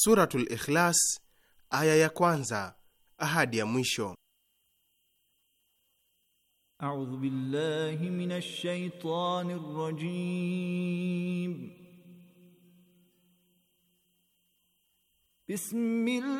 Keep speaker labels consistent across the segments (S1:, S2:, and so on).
S1: Suratul Ikhlas aya ya kwanza ahadi ya mwisho.
S2: A'udhu billahi minash shaitanir rajim. Bismillah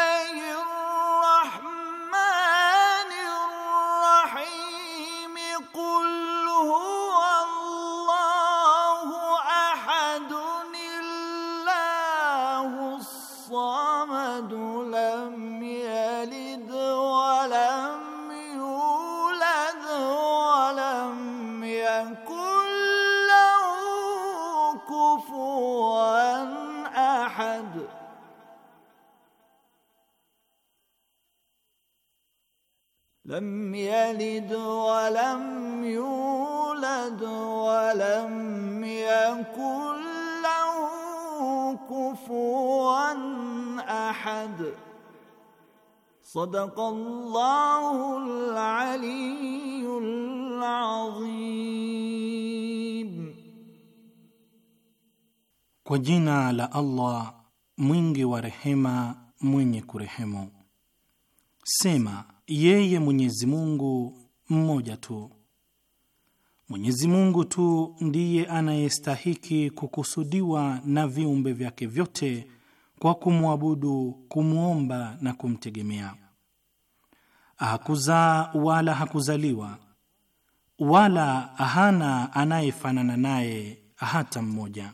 S2: لم يلد ولم يولد ولم يكن له كفوا احد صدق الله العلي العظيم
S3: وجينا على الله مينغي ورحمه مينكو رحمه سيما yeye Mwenyezi Mungu mmoja tu. Mwenyezi Mungu tu ndiye anayestahiki kukusudiwa na viumbe vyake vyote kwa kumwabudu, kumwomba na kumtegemea. Hakuzaa wala hakuzaliwa wala hana anayefanana naye hata mmoja.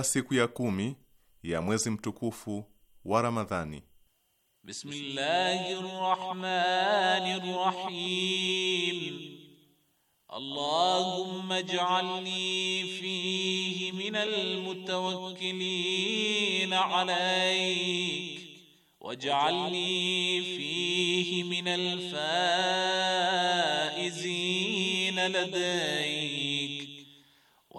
S4: ya siku ya kumi ya mwezi mtukufu wa Ramadhani.
S2: Bismillahir Rahmanir Rahim. Allahumma ij'alni fihi minal mutawakkilin alayk waj'alni fihi minal faizin ladayk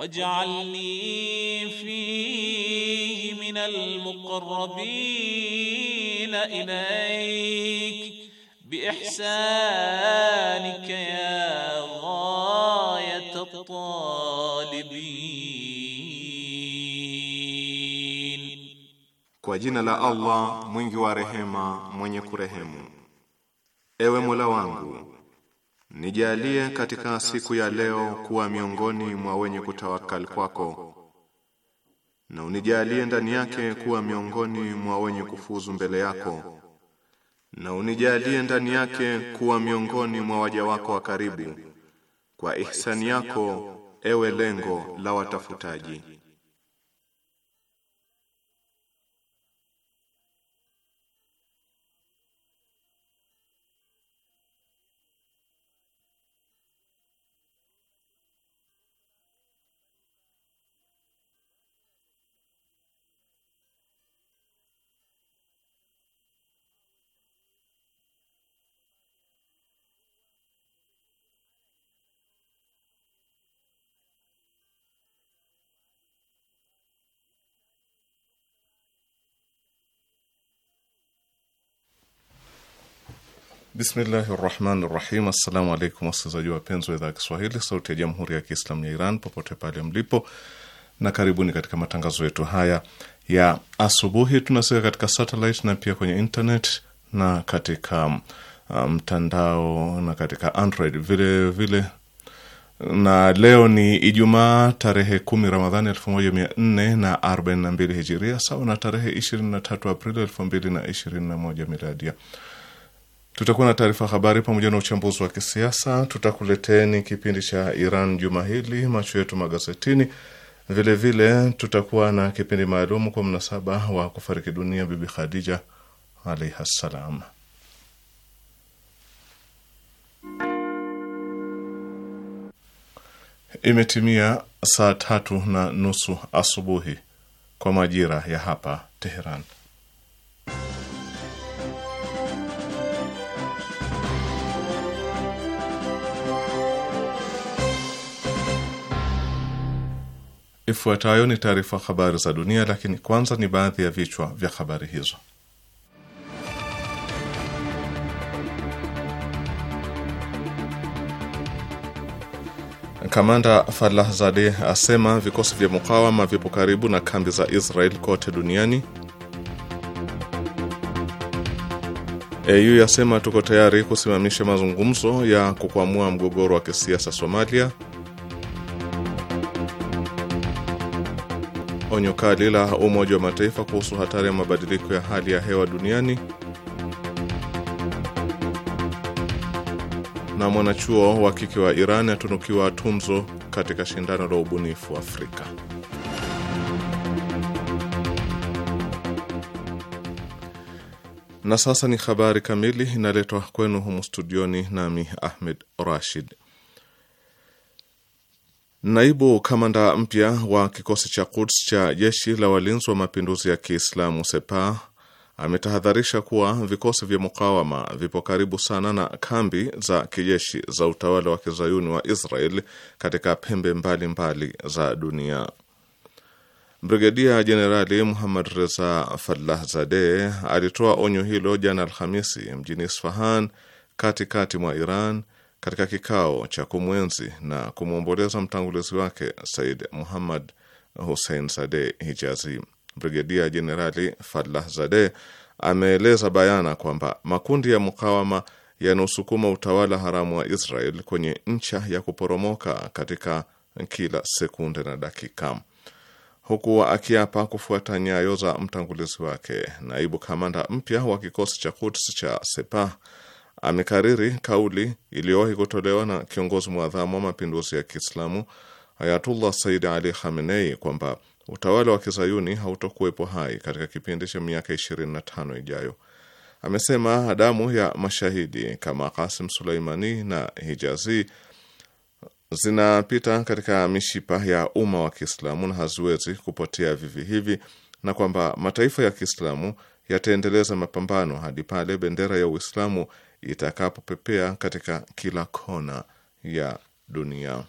S2: واجعلني فيه من المقربين اليك باحسانك يا غايه الطالبين
S4: kwa jina la allah mwingi wa rehema mwenye kurehemu ewe mola wangu Nijalie katika siku ya leo kuwa miongoni mwa wenye kutawakal kwako, na unijalie ndani yake kuwa miongoni mwa wenye kufuzu mbele yako, na unijalie ndani yake kuwa miongoni mwa waja wako wa karibu, kwa ihsani yako, ewe lengo la watafutaji. Bismillahi rahmani rahim. Assalamu alaikum wasikilizaji wapenzi wa idhaa ya Kiswahili sauti ya jamhuri ya Kiislamu ya Iran popote pale mlipo, na karibuni katika matangazo yetu haya ya asubuhi. Tunasika katika satelit na pia kwenye internet na katika uh, mtandao um, na katika Android vile vile. Na leo ni Ijumaa tarehe kumi Ramadhani elfu moja mia nne na arobaini na mbili hijiria sawa na tarehe ishirini na tatu Aprili elfu mbili na ishirini na moja miladia. Tutakuwa na taarifa habari pamoja na uchambuzi wa kisiasa. Tutakuleteni kipindi cha Iran juma hili, macho yetu magazetini. Vilevile tutakuwa na kipindi maalum kwa mnasaba wa kufariki dunia Bibi Khadija alaihi ssalam. Imetimia saa tatu na nusu asubuhi kwa majira ya hapa Teheran. Ifuatayo ni taarifa habari za dunia, lakini kwanza ni baadhi ya vichwa vya habari hizo. Kamanda Zade asema vikosi vya mukawama vipo karibu na kambi za Israel kote duniani. AU yasema tuko tayari kusimamisha mazungumzo ya kukwamua mgogoro wa kisiasa Somalia. Onyo kali la Umoja wa Mataifa kuhusu hatari ya mabadiliko ya hali ya hewa duniani, na mwanachuo wa kike wa Iran atunukiwa tunzo katika shindano la ubunifu Afrika. Na sasa ni habari kamili, inaletwa kwenu humu studioni, nami Ahmed Rashid Naibu kamanda mpya wa kikosi cha Quds cha jeshi la walinzi wa mapinduzi ya Kiislamu sepa ametahadharisha kuwa vikosi vya mukawama vipo karibu sana na kambi za kijeshi za utawala wa kizayuni wa Israel katika pembe mbalimbali mbali za dunia. Brigedia Jenerali Muhammad Reza zade alitoa onyo hilo jana Alhamisi mjini Isfahan, katikati mwa Iran katika kikao cha kumwenzi na kumwomboleza mtangulizi wake Said Muhammad Hussein zade Hijazi, Brigedia Jenerali Fadlah zade ameeleza bayana kwamba makundi ya mukawama yanaosukuma utawala haramu wa Israel kwenye ncha ya kuporomoka katika kila sekunde na dakika, huku akiapa kufuata nyayo za mtangulizi wake. Naibu kamanda mpya wa kikosi cha Quds cha Sepah amekariri kauli iliyowahi kutolewa na kiongozi mwadhamu wa mapinduzi ya Kiislamu Ayatullah Sayyid Ali Khamenei kwamba utawala wa kizayuni hautokuwepo hai katika kipindi cha miaka 25 ijayo. Amesema damu ya mashahidi kama Kasim Suleimani na Hijazi zinapita katika mishipa ya umma wa Kiislamu na haziwezi kupotea vivi hivi, na kwamba mataifa ya Kiislamu yataendeleza mapambano hadi pale bendera ya Uislamu itakapopepea katika kila kona ya dunia.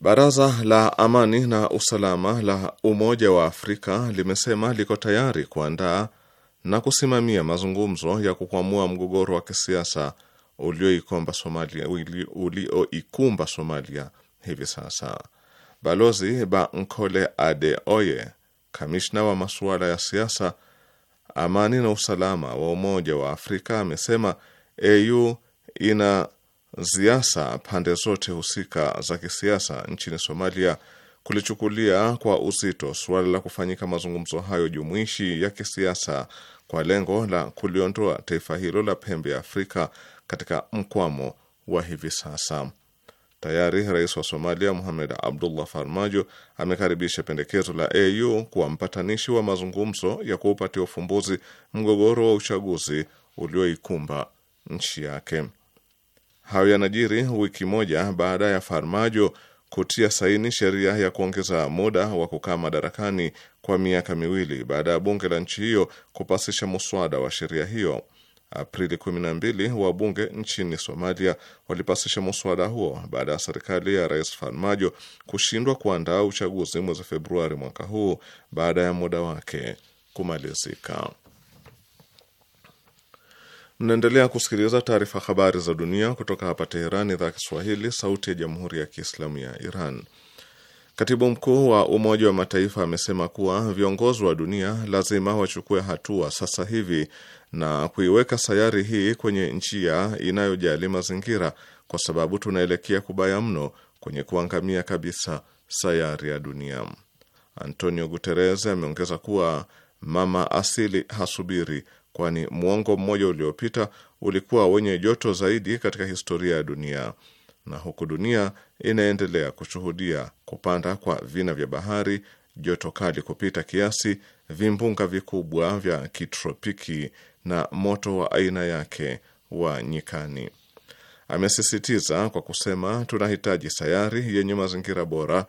S4: Baraza la Amani na Usalama la Umoja wa Afrika limesema liko tayari kuandaa na kusimamia mazungumzo ya kukwamua mgogoro wa kisiasa ulioikumba Somalia, ulioikumba Somalia hivi sasa. Balozi Bankole Adeoye, kamishna wa masuala ya siasa amani na usalama wa Umoja wa Afrika amesema AU ina ziasa pande zote husika za kisiasa nchini Somalia kulichukulia kwa uzito suala la kufanyika mazungumzo hayo jumuishi ya kisiasa kwa lengo la kuliondoa taifa hilo la pembe ya Afrika katika mkwamo wa hivi sasa. Tayari rais wa Somalia muhamed Abdullah Farmajo amekaribisha pendekezo la AU kuwa mpatanishi wa mazungumzo ya kuupatia ufumbuzi mgogoro wa uchaguzi ulioikumba nchi yake. Hayo yanajiri wiki moja baada ya Farmajo kutia saini sheria ya kuongeza muda wa kukaa madarakani kwa miaka miwili baada ya bunge la nchi hiyo kupasisha muswada wa sheria hiyo. Aprili 12 wabunge nchini Somalia walipasisha muswada huo baada ya serikali ya Rais Farmajo kushindwa kuandaa uchaguzi mwezi Februari mwaka huu baada ya muda wake kumalizika. Mnaendelea kusikiliza taarifa habari za dunia kutoka hapa Teherani, idhaa Kiswahili, sauti ya jamhuri ya kiislamu ya Iran. Katibu mkuu wa Umoja wa Mataifa amesema kuwa viongozi wa dunia lazima wachukue hatua sasa hivi na kuiweka sayari hii kwenye njia inayojali mazingira, kwa sababu tunaelekea kubaya mno kwenye kuangamia kabisa sayari ya dunia. Antonio Guterres ameongeza kuwa mama asili hasubiri, kwani muongo mmoja uliopita ulikuwa wenye joto zaidi katika historia ya dunia na huku dunia inaendelea kushuhudia kupanda kwa vina vya bahari, joto kali kupita kiasi, vimbunga vikubwa vya kitropiki na moto wa aina yake wa nyikani. Amesisitiza kwa kusema, tunahitaji sayari yenye mazingira bora,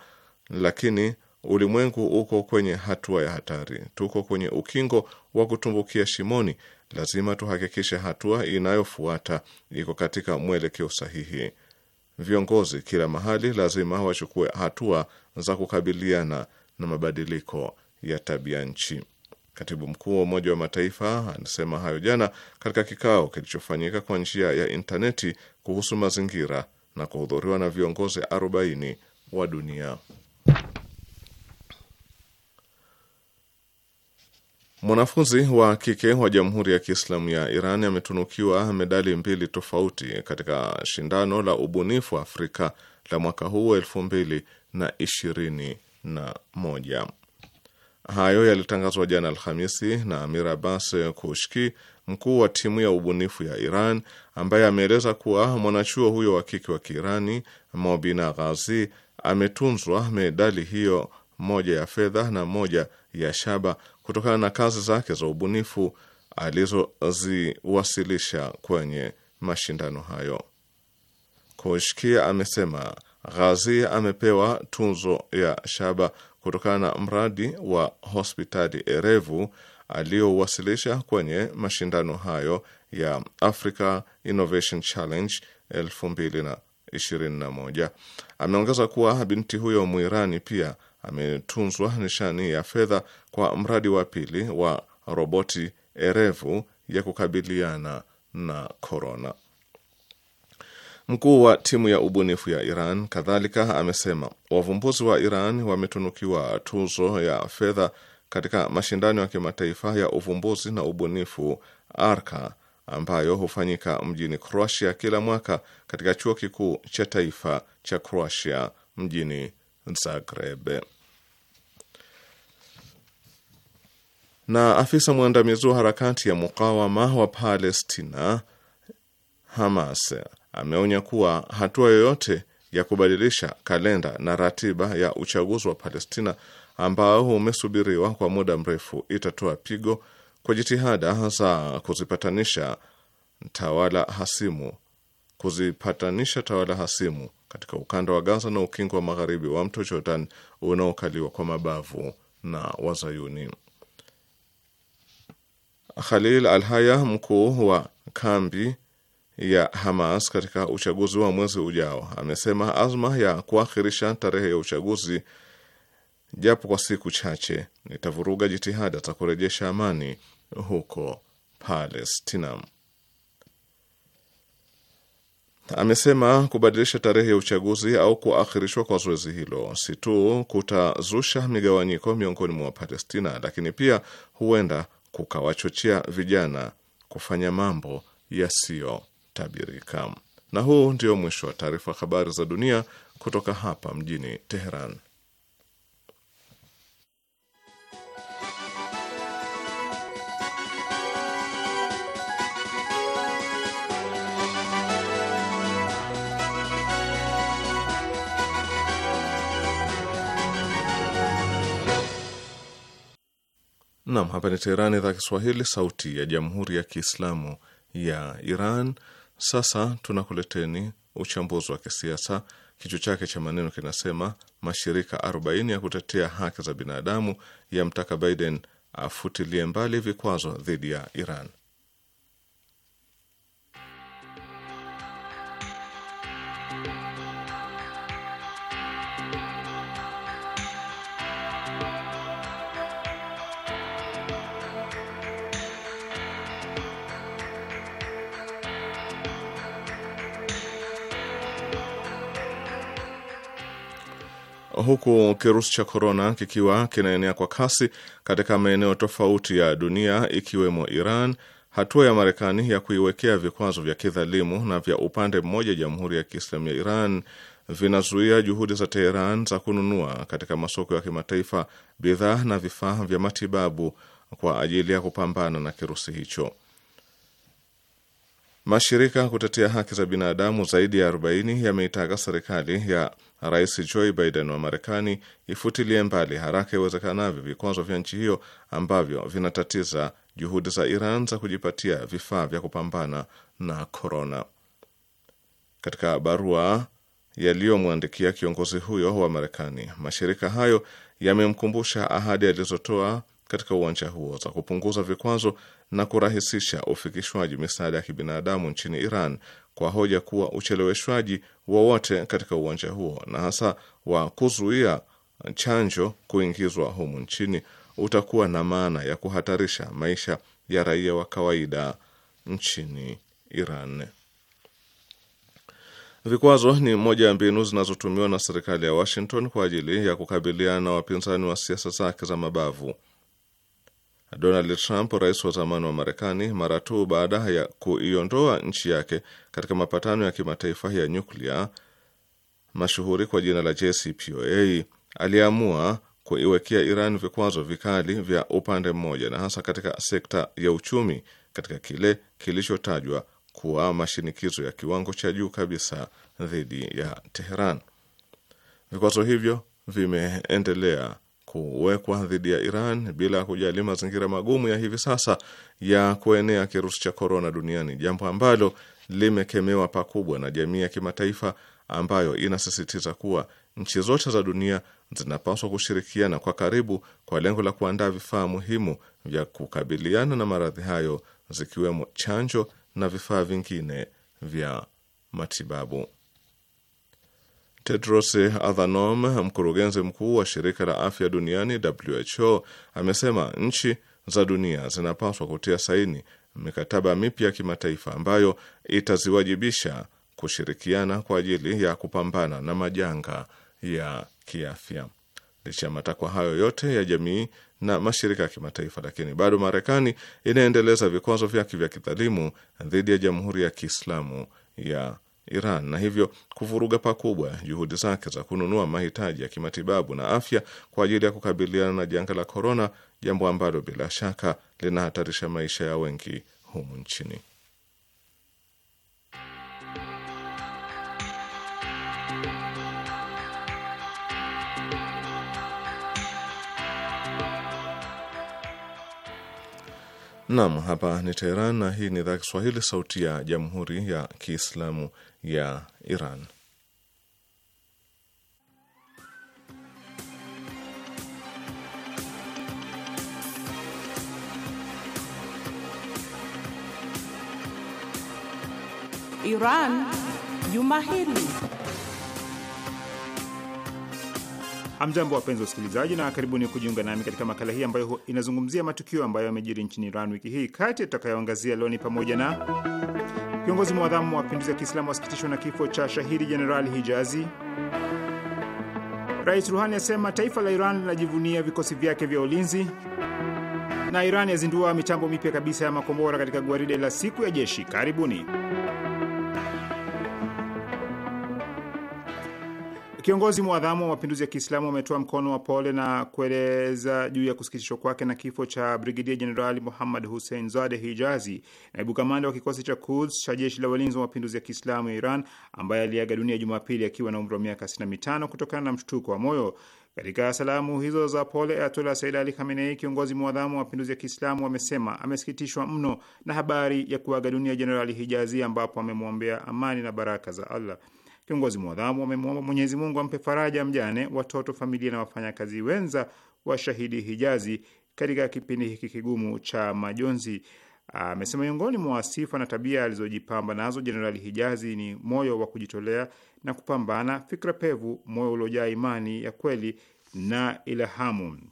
S4: lakini ulimwengu uko kwenye hatua ya hatari. Tuko kwenye ukingo wa kutumbukia shimoni. Lazima tuhakikishe hatua inayofuata iko katika mwelekeo sahihi. Viongozi kila mahali lazima wachukue hatua za kukabiliana na mabadiliko ya tabia nchi. Katibu mkuu wa Umoja wa Mataifa alisema hayo jana katika kikao kilichofanyika kwa njia ya intaneti kuhusu mazingira na kuhudhuriwa na viongozi 40 wa dunia. Mwanafunzi wa kike wa Jamhuri ya Kiislamu ya Iran ametunukiwa medali mbili tofauti katika shindano la ubunifu Afrika la mwaka huu elfu mbili na ishirini na moja. Hayo yalitangazwa jana Alhamisi na Amir Abbas Kushki, mkuu wa timu ya ubunifu ya Iran, ambaye ameeleza kuwa mwanachuo huyo wa kike wa Kiirani Mobina Ghazi ametunzwa medali hiyo, moja ya fedha na moja ya shaba kutokana na kazi zake za ubunifu alizoziwasilisha kwenye mashindano hayo. Koshkia amesema Ghazi amepewa tunzo ya shaba kutokana na mradi wa hospitali erevu aliyowasilisha kwenye mashindano hayo ya Africa Innovation Challenge 2021. Ameongeza kuwa binti huyo Mwirani pia ametunzwa nishani ya fedha kwa mradi wa pili wa roboti erevu ya kukabiliana na korona. Mkuu wa timu ya ubunifu ya Iran kadhalika amesema wavumbuzi wa Iran wametunukiwa tuzo ya fedha katika mashindano ya kimataifa ya uvumbuzi na ubunifu Arka ambayo hufanyika mjini Croatia kila mwaka katika chuo kikuu cha taifa cha Croatia mjini Zagreb. Na afisa mwandamizi wa harakati ya mukawama wa Palestina Hamas ameonya kuwa hatua yoyote ya kubadilisha kalenda na ratiba ya uchaguzi wa Palestina ambao umesubiriwa kwa muda mrefu itatoa pigo kwa jitihada za kuzipatanisha tawala hasimu kuzipatanisha tawala hasimu katika ukanda wa Gaza na ukingo wa magharibi wa mto Jordan unaokaliwa kwa mabavu na Wazayuni. Khalil Alhaya, mkuu wa kambi ya Hamas katika uchaguzi wa mwezi ujao, amesema azma ya kuakhirisha tarehe ya uchaguzi japo kwa siku chache itavuruga jitihada za kurejesha amani huko Palestina amesema kubadilisha tarehe ya uchaguzi au kuakhirishwa kwa zoezi hilo si tu kutazusha migawanyiko miongoni mwa Palestina, lakini pia huenda kukawachochea vijana kufanya mambo yasiyotabirika. Na huu ndio mwisho wa taarifa habari za dunia kutoka hapa mjini Teheran. Nam, hapa ni Teherani, idhaa Kiswahili, sauti ya jamhuri ya kiislamu ya Iran. Sasa tunakuleteni uchambuzi wa kisiasa, kichwa chake cha maneno kinasema mashirika 40 ya kutetea haki za binadamu yamtaka Biden afutilie mbali vikwazo dhidi ya Iran. huku kirusi cha korona kikiwa kinaenea kwa kasi katika maeneo tofauti ya dunia ikiwemo Iran, hatua ya Marekani ya kuiwekea vikwazo vya kidhalimu na vya upande mmoja jamhuri ya Kiislamu ya Iran vinazuia juhudi za Teheran za kununua katika masoko ya kimataifa bidhaa na vifaa vya matibabu kwa ajili ya kupambana na kirusi hicho. Mashirika kutetea haki za binadamu zaidi ya 40 yameitaka serikali ya Rais Joe Biden wa Marekani ifutilie mbali haraka iwezekanavyo vikwazo vya nchi hiyo ambavyo vinatatiza juhudi za Iran za kujipatia vifaa vya kupambana na korona. Katika barua yaliyomwandikia kiongozi huyo wa Marekani, mashirika hayo yamemkumbusha ahadi alizotoa katika uwanja huo za kupunguza vikwazo na kurahisisha ufikishwaji misaada ya kibinadamu nchini Iran kwa hoja kuwa ucheleweshwaji wowote katika uwanja huo na hasa wa kuzuia chanjo kuingizwa humu nchini utakuwa na maana ya kuhatarisha maisha ya raia wa kawaida nchini Iran. Vikwazo ni moja ya mbinu zinazotumiwa na serikali ya Washington kwa ajili ya kukabiliana na wapinzani wa siasa zake za mabavu. Donald Trump, rais wa zamani wa Marekani, mara tu baada ya kuiondoa nchi yake katika mapatano ya kimataifa ya nyuklia mashuhuri kwa jina la JCPOA, aliamua kuiwekea Iran vikwazo vikali vya upande mmoja, na hasa katika sekta ya uchumi, katika kile kilichotajwa kuwa mashinikizo ya kiwango cha juu kabisa dhidi ya Teheran. Vikwazo hivyo vimeendelea kuwekwa dhidi ya Iran bila kujali mazingira magumu ya hivi sasa ya kuenea kirusi cha korona duniani, jambo ambalo limekemewa pakubwa na jamii ya kimataifa ambayo inasisitiza kuwa nchi zote za dunia zinapaswa kushirikiana kwa karibu kwa lengo la kuandaa vifaa muhimu vya kukabiliana na maradhi hayo zikiwemo chanjo na vifaa vingine vya matibabu. Tedros Adhanom, mkurugenzi mkuu wa shirika la afya duniani WHO, amesema nchi za dunia zinapaswa kutia saini mikataba mipya ya kimataifa ambayo itaziwajibisha kushirikiana kwa ajili ya kupambana na majanga ya kiafya. Licha ya matakwa hayo yote ya jamii na mashirika ya kimataifa, lakini bado Marekani inaendeleza vikwazo vyake vya kidhalimu dhidi ya Jamhuri ya Kiislamu ya Iran na hivyo kuvuruga pakubwa juhudi zake za kununua mahitaji ya kimatibabu na afya kwa ajili ya kukabiliana na janga la korona, jambo ambalo bila shaka linahatarisha maisha ya wengi humu nchini. nam hapa ni Teheran na hii ni idhaa Kiswahili, sauti ya jamhuri ya kiislamu ya Iran.
S5: Iran juma hili.
S1: amjambo wapenzi wa usikilizaji na karibuni kujiunga nami katika makala hii ambayo inazungumzia matukio ambayo yamejiri nchini Iran wiki hii. Kati tutakayoangazia leo ni pamoja na Kiongozi mwadhamu wa mapinduzi ya Kiislamu wasikitishwa na kifo cha shahidi Jenerali Hijazi. Rais Ruhani asema taifa la Iran linajivunia vikosi vyake vya ulinzi, na Iran yazindua mitambo mipya kabisa ya makombora katika gwaride la siku ya jeshi. Karibuni. Kiongozi mwadhamu wa mapinduzi ya Kiislamu ametoa mkono wa pole na kueleza juu ya kusikitishwa kwake na kifo cha Brigedia Jenerali Muhammad Hussein Zade Hijazi, naibu kamanda wa kikosi cha Quds cha jeshi la walinzi wa mapinduzi ya Kiislamu ya Iran, ambaye aliaga dunia Jumapili akiwa na umri wa miaka 65 kutokana na mshtuko wa moyo. Katika salamu hizo za pole, Ayatollah Said Ali Khamenei, kiongozi mwadhamu wa mapinduzi ya Kiislamu, amesema amesikitishwa mno na habari ya kuaga dunia Jenerali Hijazi, ambapo amemwombea amani na baraka za Allah. Viongozi mwadhamu wamemwomba Mwenyezi Mungu ampe faraja mjane, watoto, familia na wafanyakazi wenza wa shahidi Hijazi katika kipindi hiki kigumu cha majonzi. Amesema miongoni mwa sifa na tabia alizojipamba nazo Jenerali Hijazi ni moyo wa kujitolea na kupambana, fikra pevu, moyo uliojaa imani ya kweli na ilhamu.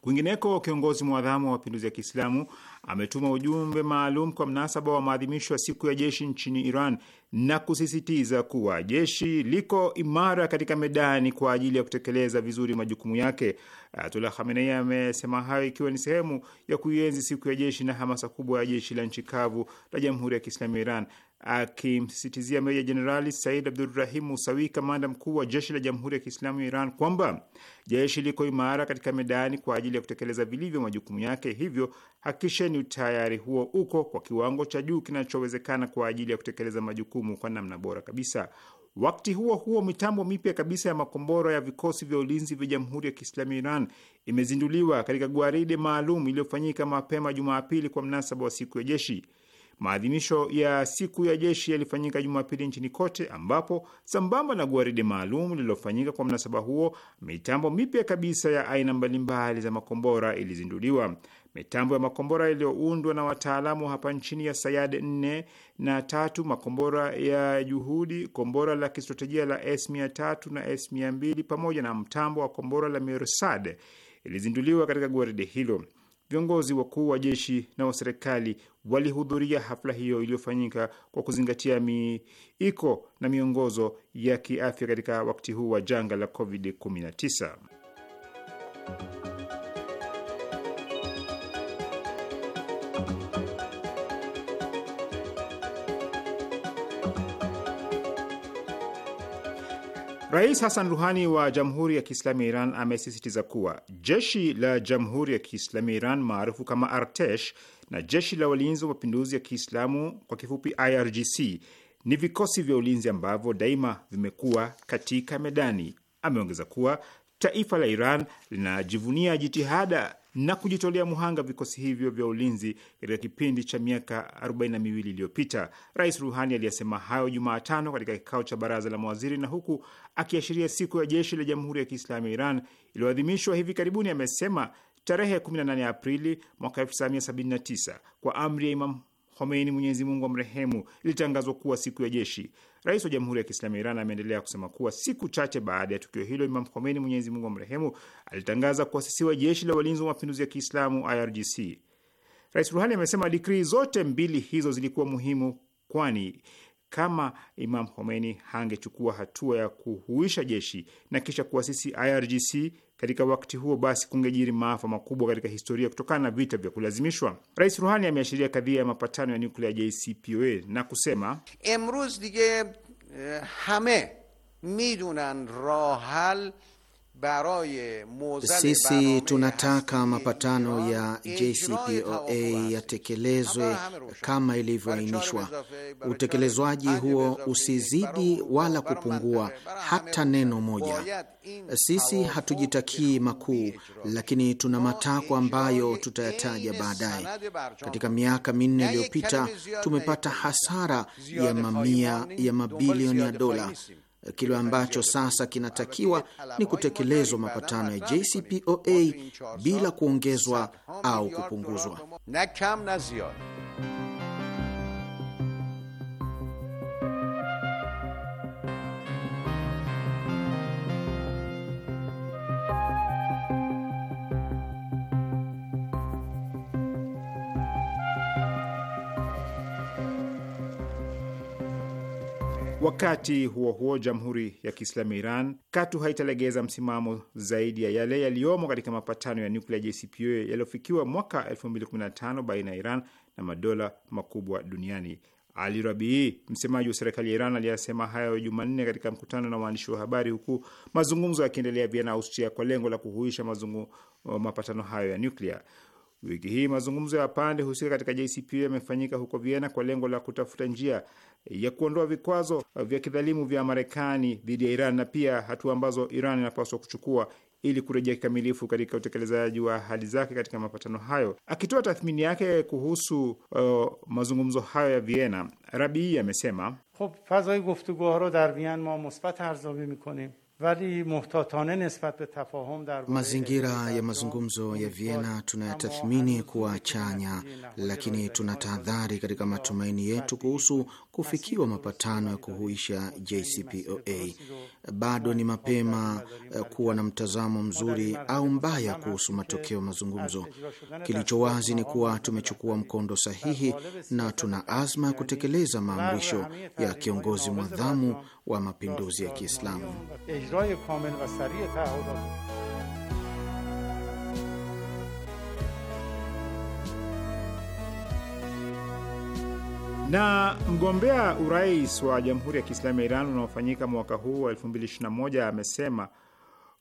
S1: Kwingineko, kiongozi mwadhamu wa mapinduzi ya Kiislamu ametuma ujumbe maalum kwa mnasaba wa maadhimisho ya siku ya jeshi nchini Iran na kusisitiza kuwa jeshi liko imara katika medani kwa ajili ya kutekeleza vizuri majukumu yake. Ayatullah Khamenei amesema hayo ikiwa ni sehemu ya kuienzi siku ya jeshi na hamasa kubwa ya jeshi la nchi kavu la Jamhuri ya Kiislamu ya Iran akimsisitizia Meja Jenerali Said Abdurrahim Musawi, kamanda mkuu wa jeshi la Jamhuri ya Kiislamu ya Iran, kwamba jeshi liko imara katika medani kwa ajili ya kutekeleza vilivyo majukumu yake, hivyo hakikisheni utayari huo uko kwa kiwango cha juu kinachowezekana kwa ajili ya kutekeleza majukumu kwa namna bora kabisa. Wakati huo huo, mitambo mipya kabisa ya makombora ya vikosi vya ulinzi vya Jamhuri ya Kiislamu ya Iran imezinduliwa katika gwaride maalum iliyofanyika mapema Jumapili kwa mnasaba wa siku ya jeshi. Maadhimisho ya siku ya jeshi yalifanyika Jumapili nchini kote, ambapo sambamba na gwaride maalum lililofanyika kwa mnasaba huo, mitambo mipya kabisa ya aina mbalimbali za makombora ilizinduliwa. Mitambo ya makombora yaliyoundwa na wataalamu hapa nchini ya Sayad nne na tatu, makombora ya Juhudi, kombora la kistratejia la s mia tatu na s mia mbili pamoja na mtambo wa kombora la Mirsad ilizinduliwa katika guaridi hilo. Viongozi wakuu wa jeshi na wa serikali walihudhuria hafla hiyo iliyofanyika kwa kuzingatia miiko na miongozo ya kiafya katika wakati huu wa janga la COVID-19. Rais Hasan Ruhani wa Jamhuri ya Kiislamu ya Iran amesisitiza kuwa jeshi la Jamhuri ya Kiislamu ya Iran maarufu kama Artesh na jeshi la walinzi wa mapinduzi ya Kiislamu kwa kifupi IRGC ni vikosi vya ulinzi ambavyo daima vimekuwa katika medani. Ameongeza kuwa taifa la Iran linajivunia jitihada na kujitolea muhanga vikosi hivyo vya ulinzi katika kipindi cha miaka 4 miwili iliyopita. Rais Ruhani aliyesema hayo Jumatano katika kikao cha baraza la mawaziri, na huku akiashiria siku ya jeshi la Jamhuri ya Kiislamu ya Iran iliyoadhimishwa hivi karibuni, amesema tarehe 18 Aprili mwaka 1979 kwa amri ya Imam Khomeini, Mwenyezi Mungu mrehemu, ilitangazwa kuwa siku ya jeshi. Rais wa Jamhuri ya Kiislamu ya Iran ameendelea kusema kuwa siku chache baada ya tukio hilo, Imam Khomeini, Mwenyezi Mungu wa mrehemu alitangaza kuasisiwa jeshi la walinzi wa mapinduzi ya Kiislamu, IRGC. Rais Ruhani amesema dikrii zote mbili hizo zilikuwa muhimu, kwani kama Imam Khomeini hangechukua hatua ya kuhuisha jeshi na kisha kuasisi IRGC katika wakati huo, basi kungejiri maafa makubwa katika historia kutokana na vita vya kulazimishwa. Rais Ruhani ameashiria kadhia ya mapatano ya nyuklia JCPOA na kusema
S3: emruz dige eh, hame midunan rohal sisi tunataka mapatano ya JCPOA yatekelezwe kama ilivyoainishwa. Utekelezwaji huo usizidi wala kupungua hata neno moja. Sisi hatujitakii makuu, lakini tuna matakwa ambayo tutayataja baadaye. Katika miaka minne iliyopita tumepata hasara ya mamia ya mabilioni ya dola Kile ambacho sasa kinatakiwa ni kutekelezwa mapatano ya JCPOA bila kuongezwa au kupunguzwa.
S1: Wakati huo huo, Jamhuri ya Kiislamu ya Iran katu haitalegeza msimamo zaidi ya yale yaliyomo katika mapatano ya nuklia JCPOA yaliyofikiwa mwaka 2015 baina ya Iran na madola makubwa duniani. Ali Rabii, msemaji wa serikali ya Iran, aliyasema hayo Jumanne katika mkutano na waandishi wa habari, huku mazungumzo yakiendelea Vienna, Austria, kwa lengo la kuhuisha uh, mapatano hayo ya nuklia. Wiki hii mazungumzo ya pande husika katika JCPOA yamefanyika huko Vienna kwa lengo la kutafuta njia ya kuondoa vikwazo vya kidhalimu vya Marekani dhidi ya Iran na pia hatua ambazo Iran inapaswa kuchukua ili kurejea kikamilifu katika utekelezaji wa ahadi zake katika mapatano hayo. Akitoa tathmini yake kuhusu uh, mazungumzo hayo ya Vienna, Rabii amesema:
S6: khob fazayi guftuguha ro dar Vienna ma musbat arzobi mikonim
S3: Mazingira ya mazungumzo ya Vienna tunayatathmini kuwa chanya, lakini tuna tahadhari katika matumaini yetu kuhusu kufikiwa mapatano ya kuhuisha JCPOA. Bado ni mapema kuwa na mtazamo mzuri au mbaya kuhusu matokeo ya mazungumzo. Kilicho wazi ni kuwa tumechukua mkondo sahihi na tuna azma ya kutekeleza maamrisho ya kiongozi mwadhamu wa mapinduzi ya Kiislamu.
S1: اجرای کامل و سریع تعهدات na mgombea urais wa Jamhuri ya Kiislamu ya Iran unaofanyika mwaka huu wa 2021 amesema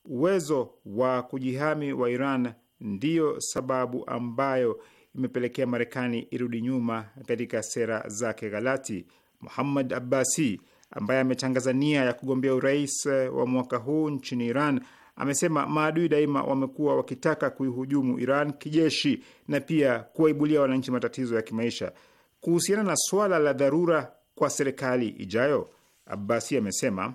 S1: uwezo wa kujihami wa Iran ndiyo sababu ambayo imepelekea Marekani irudi nyuma katika sera zake ghalati. Muhammad Abbasi ambaye ametangaza nia ya kugombea urais eh, wa mwaka huu nchini Iran amesema maadui daima wamekuwa wakitaka kuihujumu Iran kijeshi na pia kuwaibulia wananchi matatizo ya kimaisha. Kuhusiana na swala la dharura kwa serikali ijayo, Abbasi amesema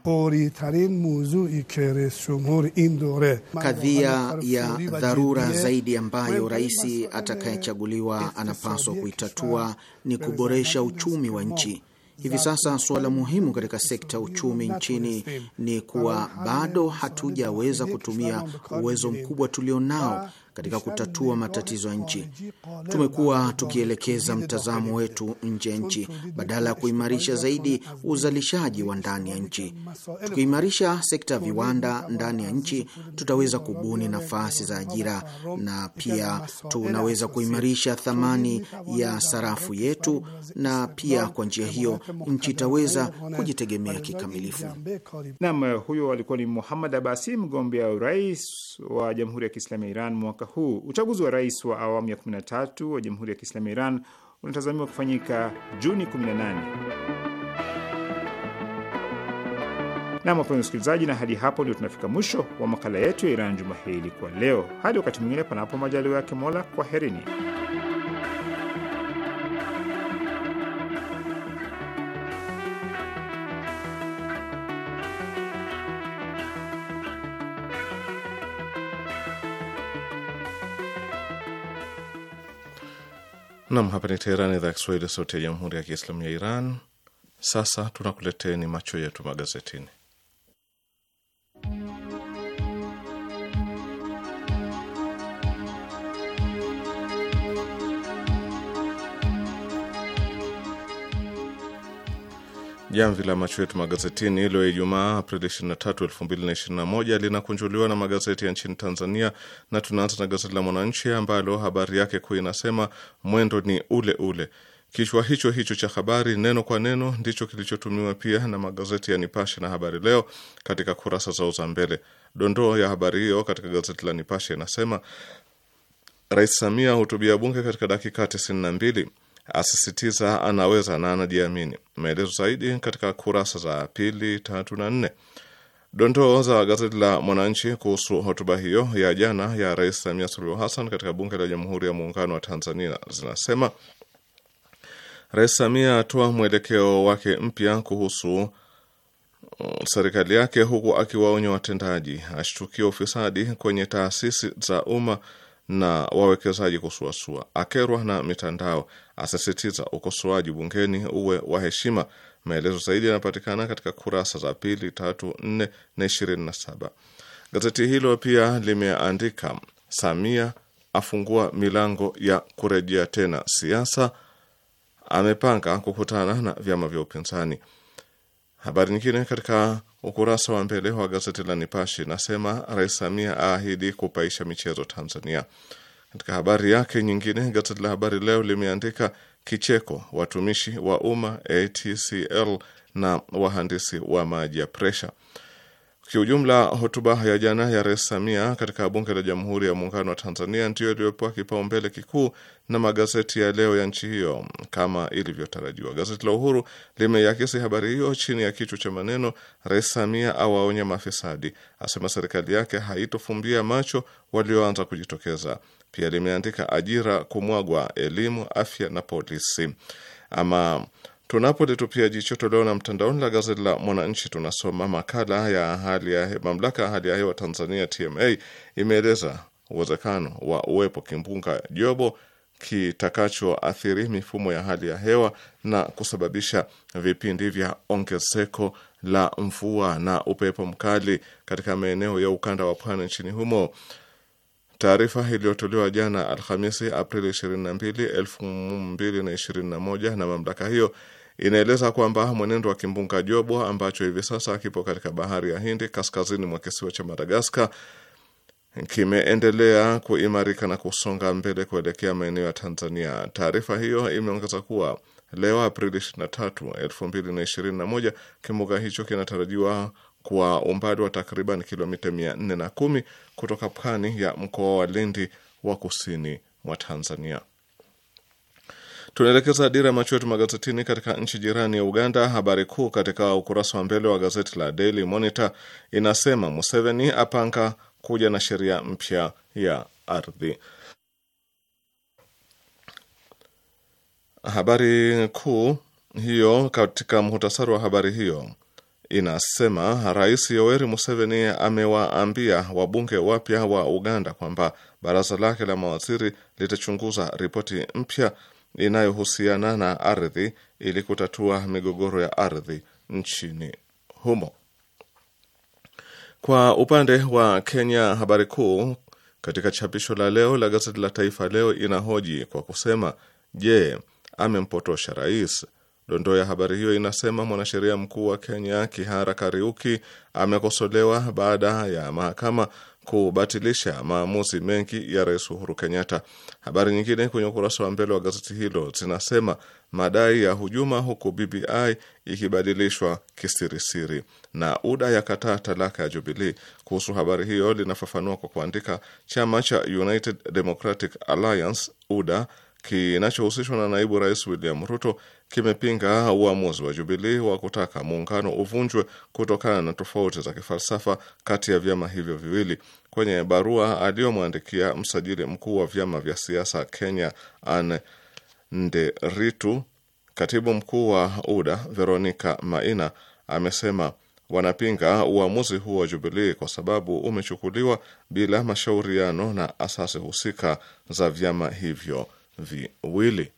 S4: kadhia ya dharura zaidi ambayo rais atakayechaguliwa
S3: anapaswa kuitatua ni kuboresha uchumi wa nchi Hivi sasa suala muhimu katika sekta ya uchumi nchini ni kuwa bado hatujaweza kutumia uwezo mkubwa tulionao katika kutatua matatizo ya nchi. Tumekuwa tukielekeza mtazamo wetu nje ya nchi badala ya kuimarisha zaidi uzalishaji wa ndani ya nchi.
S7: Tukiimarisha
S3: sekta ya viwanda ndani ya nchi, tutaweza kubuni nafasi za ajira na pia tunaweza kuimarisha thamani ya sarafu yetu, na pia kwa
S1: njia hiyo nchi itaweza kujitegemea kikamilifu. Nam, huyo alikuwa ni muhamad Abasi, mgombea urais wa Jamhuri ya Kiislamu ya Iran mwaka mwaka huu. Uchaguzi wa rais wa awamu ya 13 wa Jamhuri ya Kiislamu ya Iran unatazamiwa kufanyika Juni 18. Nam, wapenzi wasikilizaji, na hadi hapo ndio tunafika mwisho wa makala yetu ya Iran juma hili kwa leo. Hadi wakati mwingine, panapo majaliwa yake Mola, kwaherini.
S4: Nam, hapa ni Teherani, idhaa ya Kiswahili, sauti ya jamhuri ya kiislamu ya Iran. Sasa tunakuleteni macho yetu magazetini. Jamvi la macho yetu magazetini leo Ijumaa, Aprili 23, 2021 linakunjuliwa na magazeti ya nchini Tanzania, na tunaanza na gazeti la Mwananchi ambalo habari yake kuu inasema mwendo ni ule ule. Kichwa hicho hicho cha habari neno kwa neno ndicho kilichotumiwa pia na magazeti ya Nipashe na Habari Leo katika kurasa zao za mbele. Dondoo ya habari hiyo katika gazeti la Nipashe inasema Rais Samia hutubia bunge katika dakika b asisitiza anaweza na anajiamini. Maelezo zaidi katika kurasa za pili, tatu na nne. Dondoo za gazeti la Mwananchi kuhusu hotuba hiyo ya jana ya Rais Samia Suluhu Hassan katika Bunge la Jamhuri ya Muungano wa Tanzania zinasema Rais Samia atoa mwelekeo wake mpya kuhusu mm, serikali yake, huku akiwaonya watendaji, ashtukia ufisadi kwenye taasisi za umma na wawekezaji kusuasua, akerwa na mitandao, asisitiza ukosoaji bungeni uwe wa heshima. Maelezo zaidi yanapatikana katika kurasa za pili, tatu, nne na ishirini na saba. Gazeti hilo pia limeandika Samia afungua milango ya kurejea tena siasa, amepanga kukutana na vyama vya upinzani. Habari nyingine katika Ukurasa wa mbele wa gazeti la nipashi inasema Rais Samia aahidi kupaisha michezo Tanzania. Katika habari yake nyingine, gazeti la Habari Leo limeandika kicheko, watumishi wa umma ATCL na wahandisi wa maji ya presha. Kiujumla, hotuba ya jana ya Rais Samia katika Bunge la Jamhuri ya Muungano wa Tanzania ndiyo iliyopewa kipaumbele kikuu na magazeti ya leo ya nchi hiyo kama ilivyotarajiwa. Gazeti la Uhuru limeiakisi habari hiyo chini ya kichwa cha maneno, Rais Samia awaonya mafisadi, asema serikali yake haitofumbia macho walioanza kujitokeza. Pia limeandika ajira kumwagwa elimu, afya na polisi. Ama tunapolitupia jicho toleo na mtandaoni la gazeti la Mwananchi tunasoma makala ya hali ya mamlaka ya hali ya hewa Tanzania TMA imeeleza uwezekano wa uwepo kimbunga Jobo kitakachoathiri mifumo ya hali ya hewa na kusababisha vipindi vya ongezeko la mvua na upepo mkali katika maeneo ya ukanda wa pwani nchini humo. Taarifa iliyotolewa jana Alhamisi, Aprili 22, 2021 na mamlaka hiyo inaeleza kwamba mwenendo wa kimbunga Jobo ambacho hivi sasa kipo katika bahari ya Hindi kaskazini mwa kisiwa cha Madagaskar kimeendelea kuimarika na kusonga mbele kuelekea maeneo ya Tanzania. Taarifa hiyo imeongeza kuwa leo Aprili 23, 2021 kimbunga hicho kinatarajiwa kwa umbali wa takriban kilomita 410 kutoka pwani ya mkoa wa Lindi wa kusini mwa Tanzania. Tunaelekeza dira ya macho yetu magazetini katika nchi jirani ya Uganda. Habari kuu katika ukurasa wa mbele wa gazeti la Daily Monitor inasema Museveni apanga kuja na sheria mpya ya ardhi. Habari kuu hiyo katika muhtasari wa habari hiyo inasema Rais Yoweri Museveni amewaambia wabunge wapya wa Uganda kwamba baraza lake la mawaziri litachunguza ripoti mpya inayohusiana na ardhi ili kutatua migogoro ya ardhi nchini humo. Kwa upande wa Kenya, habari kuu katika chapisho la leo la gazeti la Taifa Leo inahoji kwa kusema je, amempotosha rais? Dondoo ya habari hiyo inasema mwanasheria mkuu wa Kenya Kihara Kariuki amekosolewa baada ya mahakama kubatilisha maamuzi mengi ya Rais Uhuru Kenyatta. Habari nyingine kwenye ukurasa wa mbele wa gazeti hilo zinasema madai ya hujuma, huku BBI ikibadilishwa kisirisiri, na UDA yakataa talaka ya Jubilii. Kuhusu habari hiyo, linafafanua kwa kuandika, chama cha United Democratic Alliance UDA kinachohusishwa na naibu rais William Ruto kimepinga uamuzi wa Jubilii wa kutaka muungano uvunjwe kutokana na tofauti za kifalsafa kati ya vyama hivyo viwili. Kwenye barua aliyomwandikia msajili mkuu wa vyama vya siasa Kenya, Anne Nderitu, katibu mkuu wa UDA Veronica Maina amesema wanapinga uamuzi huu wa Jubilii kwa sababu umechukuliwa bila mashauriano na asasi husika za vyama hivyo viwili.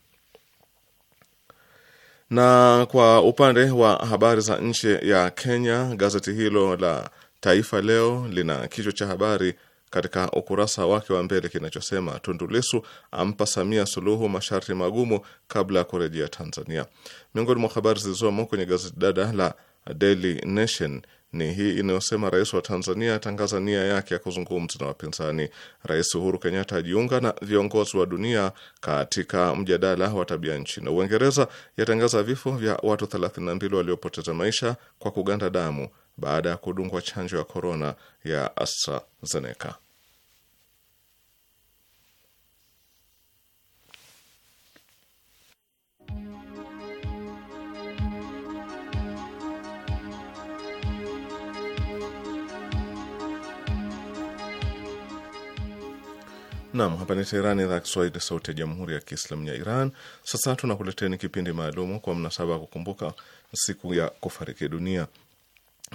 S4: Na kwa upande wa habari za nchi ya Kenya, gazeti hilo la Taifa Leo lina kichwa cha habari katika ukurasa wake wa mbele kinachosema Tundu Lissu ampa Samia Suluhu masharti magumu kabla ya kurejea Tanzania. Miongoni mwa habari zilizomo kwenye gazeti dada la Daily Nation ni hii inayosema rais wa Tanzania atangaza nia yake ya kuzungumza na wapinzani. Rais Uhuru Kenyatta ajiunga na viongozi wa dunia katika mjadala wa tabia nchi. Na Uingereza yatangaza vifo vya watu 32 waliopoteza maisha kwa kuganda damu baada ya kudungwa chanjo ya korona ya AstraZeneca. Nam, hapa ni Teherani, idhaa Kiswahili, sauti ya jamhuri ya kiislamu ya Iran. Sasa tunakuleteni kipindi maalumu kwa mnasaba wa kukumbuka siku ya kufariki dunia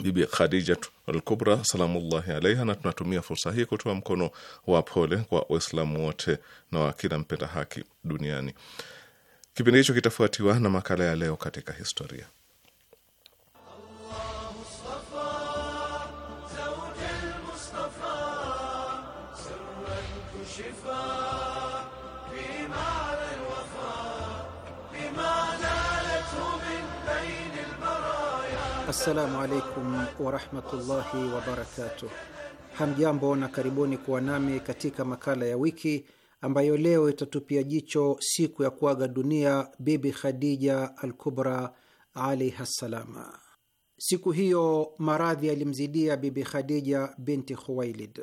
S4: Bibi Khadija al salamullahi alaiha, na tunatumia fursa hii kutoa mkono wa pole kwa Waislamu wote na wa kila mpenda haki duniani. Kipindi hicho kitafuatiwa na makala ya leo katika historia.
S6: Assalamu alaikum warahmatullahi wabarakatuh. Hamjambo na karibuni kuwa nami katika makala ya wiki ambayo leo itatupia jicho siku ya kuaga dunia Bibi Khadija Al-Kubra alaiha ssalama. Siku hiyo maradhi alimzidia Bibi Khadija binti Khuwailid.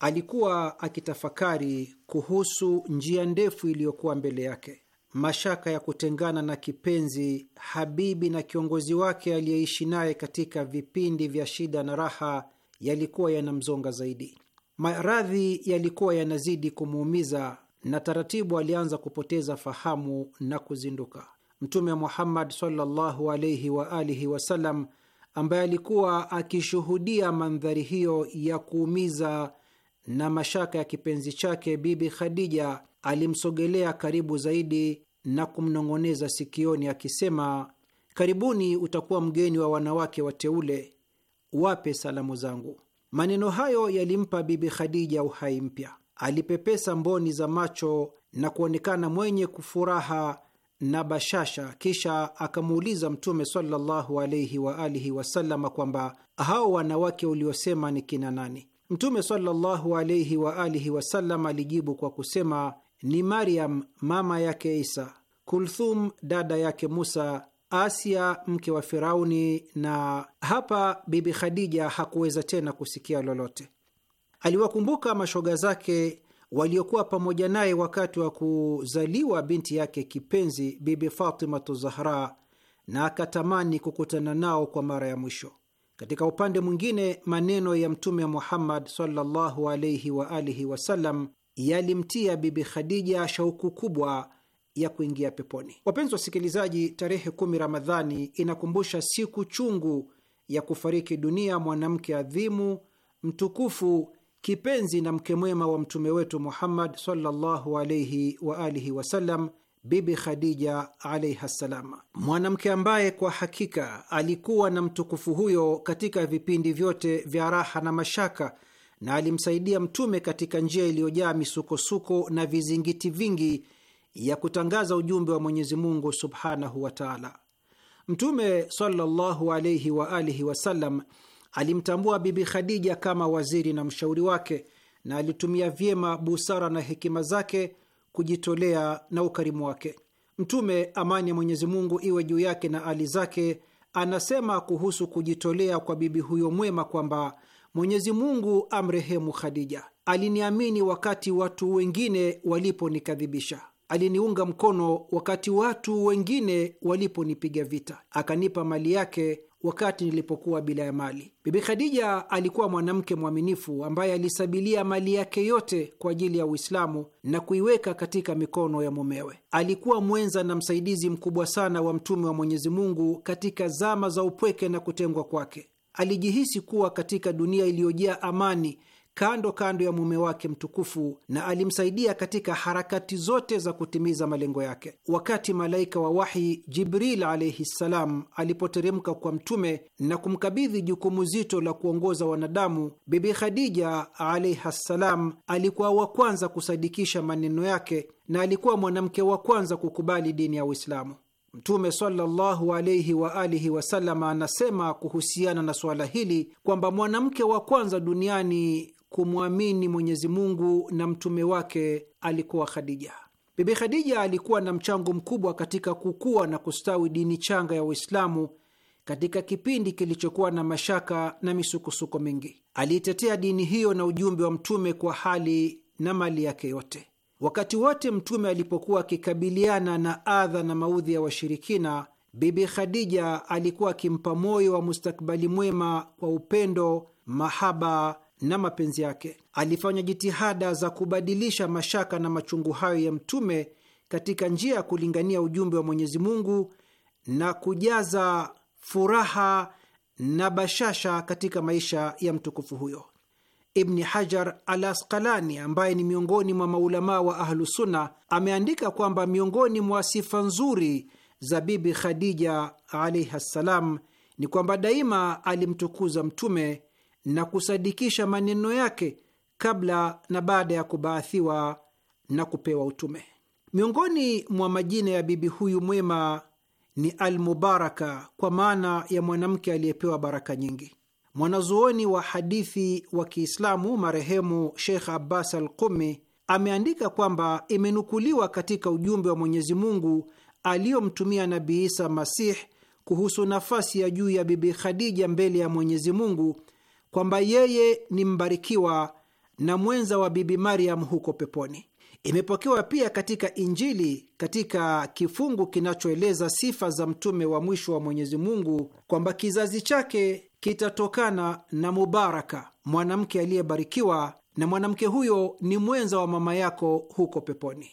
S6: Alikuwa akitafakari kuhusu njia ndefu iliyokuwa mbele yake mashaka ya kutengana na kipenzi, habibi na kiongozi wake aliyeishi naye katika vipindi vya shida na raha yalikuwa yanamzonga zaidi. Maradhi yalikuwa yanazidi kumuumiza na taratibu alianza kupoteza fahamu na kuzinduka. Mtume Muhammad sallallahu alaihi wa alihi wasallam, ambaye alikuwa akishuhudia mandhari hiyo ya kuumiza na mashaka ya kipenzi chake Bibi Khadija alimsogelea karibu zaidi na kumnong'oneza sikioni akisema, karibuni utakuwa mgeni wa wanawake wateule, wape salamu zangu. Maneno hayo yalimpa Bibi Khadija uhai mpya. Alipepesa mboni za macho na kuonekana mwenye kufuraha na bashasha. Kisha akamuuliza Mtume sallallahu alaihi wa alihi kwamba hao wanawake uliosema ni kina nani? Mtume sallallahu alaihi wa alihi wasallam alijibu kwa kusema ni Mariam mama yake Isa, Kulthum dada yake Musa, Asia mke wa Firauni, na hapa Bibi Khadija hakuweza tena kusikia lolote. Aliwakumbuka mashoga zake waliokuwa pamoja naye wakati wa kuzaliwa binti yake kipenzi Bibi Fatimatu Zahra, na akatamani kukutana nao kwa mara ya mwisho. Katika upande mwingine, maneno ya Mtume Muhammad sallallahu alaihi waalihi wasallam yalimtia Bibi Khadija shauku kubwa ya kuingia peponi. Wapenzi wasikilizaji, tarehe kumi Ramadhani inakumbusha siku chungu ya kufariki dunia mwanamke adhimu mtukufu, kipenzi na mke mwema wa mtume wetu Muhammad sallallahu wa alihi wasallam, Bibi Khadija alaiha ssalam, mwanamke ambaye kwa hakika alikuwa na mtukufu huyo katika vipindi vyote vya raha na mashaka na alimsaidia Mtume katika njia iliyojaa misukosuko na vizingiti vingi ya kutangaza ujumbe wa Mwenyezi Mungu subhanahu wa taala. Mtume sallallahu wa alihi wasallam alimtambua Bibi Khadija kama waziri na mshauri wake na alitumia vyema busara na hekima zake, kujitolea na ukarimu wake. Mtume, amani ya Mwenyezi Mungu iwe juu yake na ali zake, anasema kuhusu kujitolea kwa bibi huyo mwema kwamba Mwenyezi Mungu amrehemu Khadija. Aliniamini wakati watu wengine waliponikadhibisha, aliniunga mkono wakati watu wengine waliponipiga vita, akanipa mali yake wakati nilipokuwa bila ya mali. Bibi Khadija alikuwa mwanamke mwaminifu ambaye alisabilia mali yake yote kwa ajili ya Uislamu na kuiweka katika mikono ya mumewe. Alikuwa mwenza na msaidizi mkubwa sana wa Mtume wa Mwenyezi Mungu katika zama za upweke na kutengwa kwake alijihisi kuwa katika dunia iliyojaa amani kando kando ya mume wake mtukufu na alimsaidia katika harakati zote za kutimiza malengo yake. Wakati malaika wa wahi Jibril alaihi ssalam alipoteremka kwa Mtume na kumkabidhi jukumu zito la kuongoza wanadamu, Bibi Khadija alaihi ssalam alikuwa wa kwanza kusadikisha maneno yake na alikuwa mwanamke wa kwanza kukubali dini ya Uislamu. Mtume sallallahu wa alihi anasema kuhusiana na suala hili kwamba mwanamke wa kwanza duniani kumwamini Mwenyezi Mungu na mtume wake alikuwa Khadija. Bibi Khadija alikuwa na mchango mkubwa katika kukua na kustawi dini changa ya Uislamu katika kipindi kilichokuwa na mashaka na misukosuko mingi. Aliitetea dini hiyo na ujumbe wa mtume kwa hali na mali yake yote. Wakati wote Mtume alipokuwa akikabiliana na adha na maudhi ya washirikina, Bibi Khadija alikuwa akimpa moyo wa mustakbali mwema kwa upendo, mahaba na mapenzi yake. Alifanya jitihada za kubadilisha mashaka na machungu hayo ya Mtume katika njia ya kulingania ujumbe wa Mwenyezi Mungu na kujaza furaha na bashasha katika maisha ya mtukufu huyo. Ibni Hajar al Asqalani, ambaye ni miongoni mwa maulamaa wa Ahlusunna, ameandika kwamba miongoni mwa sifa nzuri za Bibi Khadija alaihi ssalam ni kwamba daima alimtukuza Mtume na kusadikisha maneno yake kabla na baada ya kubaathiwa na kupewa utume. Miongoni mwa majina ya bibi huyu mwema ni Almubaraka, kwa maana ya mwanamke aliyepewa baraka nyingi. Mwanazuoni wa hadithi wa Kiislamu marehemu Sheikh Abbas al Qumi ameandika kwamba imenukuliwa katika ujumbe wa Mwenyezi Mungu aliyomtumia Nabi Isa Masih kuhusu nafasi ya juu ya Bibi Khadija mbele ya Mwenyezi Mungu kwamba yeye ni mbarikiwa na mwenza wa Bibi Mariam huko peponi. Imepokewa pia katika Injili katika kifungu kinachoeleza sifa za mtume wa mwisho wa Mwenyezi Mungu kwamba kizazi chake kitatokana na mubaraka, mwanamke aliyebarikiwa, na mwanamke huyo ni mwenza wa mama yako huko peponi.